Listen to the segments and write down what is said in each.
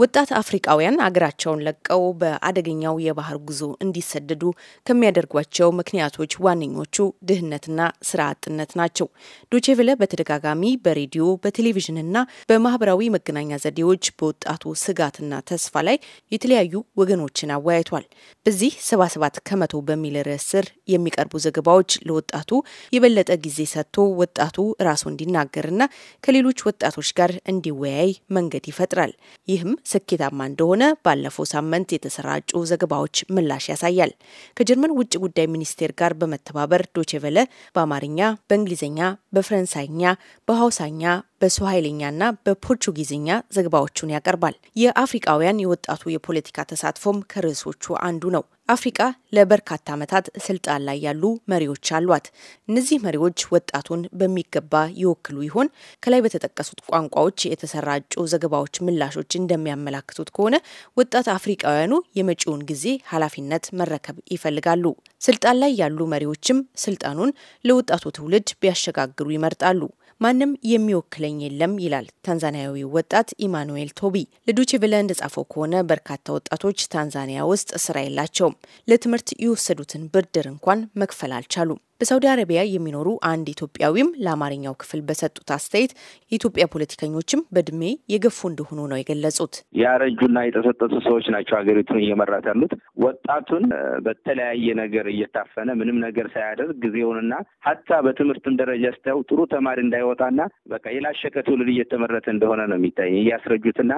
ወጣት አፍሪቃውያን አገራቸውን ለቀው በአደገኛው የባህር ጉዞ እንዲሰደዱ ከሚያደርጓቸው ምክንያቶች ዋነኞቹ ድህነትና ስራ አጥነት ናቸው። ዶቼቬለ በተደጋጋሚ በሬዲዮ በቴሌቪዥንና በማህበራዊ መገናኛ ዘዴዎች በወጣቱ ስጋትና ተስፋ ላይ የተለያዩ ወገኖችን አወያይቷል። በዚህ 77 ከመቶ በሚል ርዕስ ስር የሚቀርቡ ዘገባዎች ለወጣቱ የበለጠ ጊዜ ሰጥቶ ወጣቱ ራሱ እንዲናገርና ከሌሎች ወጣቶች ጋር እንዲወያይ መንገድ ይፈጥራል። ይህም ስኬታማ እንደሆነ ባለፈው ሳምንት የተሰራጩ ዘገባዎች ምላሽ ያሳያል። ከጀርመን ውጭ ጉዳይ ሚኒስቴር ጋር በመተባበር ዶቼቨለ በአማርኛ፣ በእንግሊዝኛ፣ በፈረንሳይኛ፣ በሐውሳኛ፣ በስዋሂልኛና በፖርቹጊዝኛ ዘገባዎቹን ያቀርባል። የአፍሪቃውያን የወጣቱ የፖለቲካ ተሳትፎም ከርዕሶቹ አንዱ ነው። አፍሪቃ ለበርካታ ዓመታት ስልጣን ላይ ያሉ መሪዎች አሏት። እነዚህ መሪዎች ወጣቱን በሚገባ ይወክሉ ይሆን? ከላይ በተጠቀሱት ቋንቋዎች የተሰራጩ ዘገባዎች ምላሾች እንደሚያመላክቱት ከሆነ ወጣት አፍሪቃውያኑ የመጪውን ጊዜ ኃላፊነት መረከብ ይፈልጋሉ። ስልጣን ላይ ያሉ መሪዎችም ስልጣኑን ለወጣቱ ትውልድ ቢያሸጋግሩ ይመርጣሉ። ማንም የሚወክለኝ የለም ይላል ታንዛኒያዊ ወጣት ኢማኑኤል ቶቢ። ለዱችቪለ እንደጻፈው ከሆነ በርካታ ወጣቶች ታንዛኒያ ውስጥ ስራ የላቸውም። ለትምህርት የወሰዱትን ብድር እንኳን መክፈል አልቻሉም። በሳውዲ አረቢያ የሚኖሩ አንድ ኢትዮጵያዊም ለአማርኛው ክፍል በሰጡት አስተያየት የኢትዮጵያ ፖለቲከኞችም በእድሜ የገፉ እንደሆኑ ነው የገለጹት። ያረጁና የጠሰጠሱ ሰዎች ናቸው ሀገሪቱን እየመራት ያሉት። ወጣቱን በተለያየ ነገር እየታፈነ ምንም ነገር ሳያደርግ ጊዜውንና ሀታ በትምህርትም ደረጃ ስታየው ጥሩ ተማሪ እንዳይወጣና በቃ የላሸከ ትውልድ እየተመረተ እንደሆነ ነው የሚታይ እያስረጁትና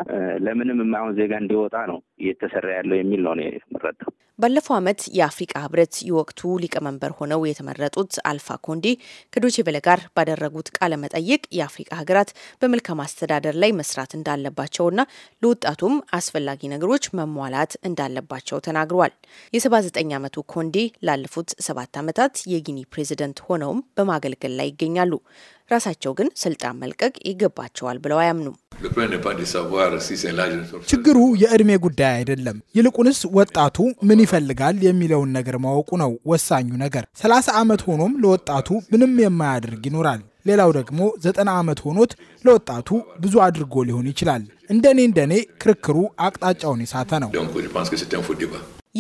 ለምንም የማይሆን ዜጋ እንዲወጣ ነው እየተሰራ ያለው የሚል ነው የምረዳው። ባለፈው ዓመት የአፍሪቃ ህብረት የወቅቱ ሊቀመንበር ሆነው የተመረጡት አልፋ ኮንዲ ከዶቼ ቬለ ጋር ባደረጉት ቃለ መጠይቅ የአፍሪቃ ሀገራት በመልካም አስተዳደር ላይ መስራት እንዳለባቸውና ለወጣቱም አስፈላጊ ነገሮች መሟላት እንዳለባቸው ተናግረዋል። የ79 ዓመቱ ኮንዴ ላለፉት ሰባት ዓመታት የጊኒ ፕሬዚደንት ሆነውም በማገልገል ላይ ይገኛሉ። ራሳቸው ግን ስልጣን መልቀቅ ይገባቸዋል ብለው አያምኑም። ችግሩ የእድሜ ጉዳይ አይደለም። ይልቁንስ ወጣቱ ምን ይፈልጋል የሚለውን ነገር ማወቁ ነው ወሳኙ ነገር። ሰላሳ ዓመት ሆኖም ለወጣቱ ምንም የማያደርግ ይኖራል። ሌላው ደግሞ ዘጠና ዓመት ሆኖት ለወጣቱ ብዙ አድርጎ ሊሆን ይችላል። እንደኔ እንደኔ ክርክሩ አቅጣጫውን የሳተ ነው።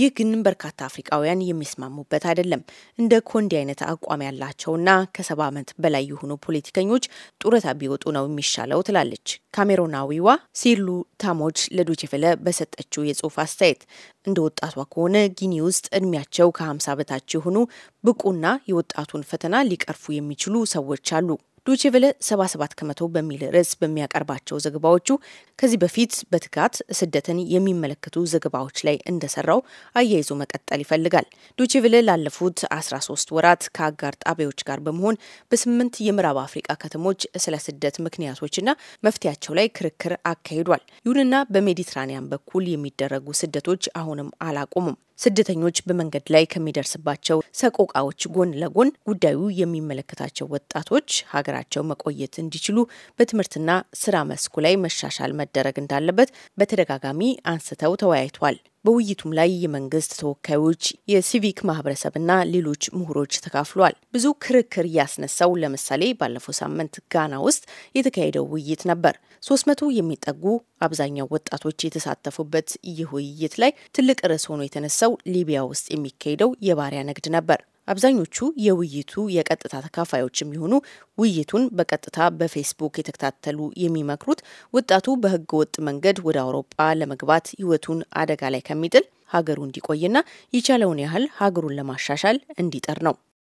ይህ ግን በርካታ አፍሪቃውያን የሚስማሙበት አይደለም። እንደ ኮንዲ አይነት አቋም ያላቸውና ከሰባ ዓመት በላይ የሆኑ ፖለቲከኞች ጡረታ ቢወጡ ነው የሚሻለው ትላለች ካሜሮናዊዋ ሲሉ ታሞች ለዶችቨለ በሰጠችው የጽሁፍ አስተያየት። እንደ ወጣቷ ከሆነ ጊኒ ውስጥ እድሜያቸው ከ50 በታች የሆኑ ብቁና የወጣቱን ፈተና ሊቀርፉ የሚችሉ ሰዎች አሉ። ዶቼቬለ 77 ከመቶ በሚል ርዕስ በሚያቀርባቸው ዘገባዎቹ ከዚህ በፊት በትጋት ስደትን የሚመለከቱ ዘገባዎች ላይ እንደሰራው አያይዞ መቀጠል ይፈልጋል። ዶቼቬለ ላለፉት 13 ወራት ከአጋር ጣቢያዎች ጋር በመሆን በስምንት የምዕራብ አፍሪቃ ከተሞች ስለ ስደት ምክንያቶችና መፍትያቸው ላይ ክርክር አካሂዷል። ይሁንና በሜዲትራኒያን በኩል የሚደረጉ ስደቶች አሁንም አላቆሙም። ስደተኞች በመንገድ ላይ ከሚደርስባቸው ሰቆቃዎች ጎን ለጎን ጉዳዩ የሚመለከታቸው ወጣቶች ሀገራቸው መቆየት እንዲችሉ በትምህርትና ስራ መስኩ ላይ መሻሻል መደረግ እንዳለበት በተደጋጋሚ አንስተው ተወያይቷል። በውይይቱም ላይ የመንግስት ተወካዮች፣ የሲቪክ ማህበረሰብና ሌሎች ምሁሮች ተካፍሏል። ብዙ ክርክር እያስነሳው ለምሳሌ ባለፈው ሳምንት ጋና ውስጥ የተካሄደው ውይይት ነበር። ሶስት መቶ የሚጠጉ አብዛኛው ወጣቶች የተሳተፉበት ይህ ውይይት ላይ ትልቅ ርዕስ ሆኖ የተነሳው ሊቢያ ውስጥ የሚካሄደው የባሪያ ንግድ ነበር። አብዛኞቹ የውይይቱ የቀጥታ ተካፋዮች የሚሆኑ ውይይቱን በቀጥታ በፌስቡክ የተከታተሉ የሚመክሩት ወጣቱ በሕገ ወጥ መንገድ ወደ አውሮፓ ለመግባት ሕይወቱን አደጋ ላይ ከሚጥል ሀገሩ እንዲቆይና የቻለውን ያህል ሀገሩን ለማሻሻል እንዲጠር ነው።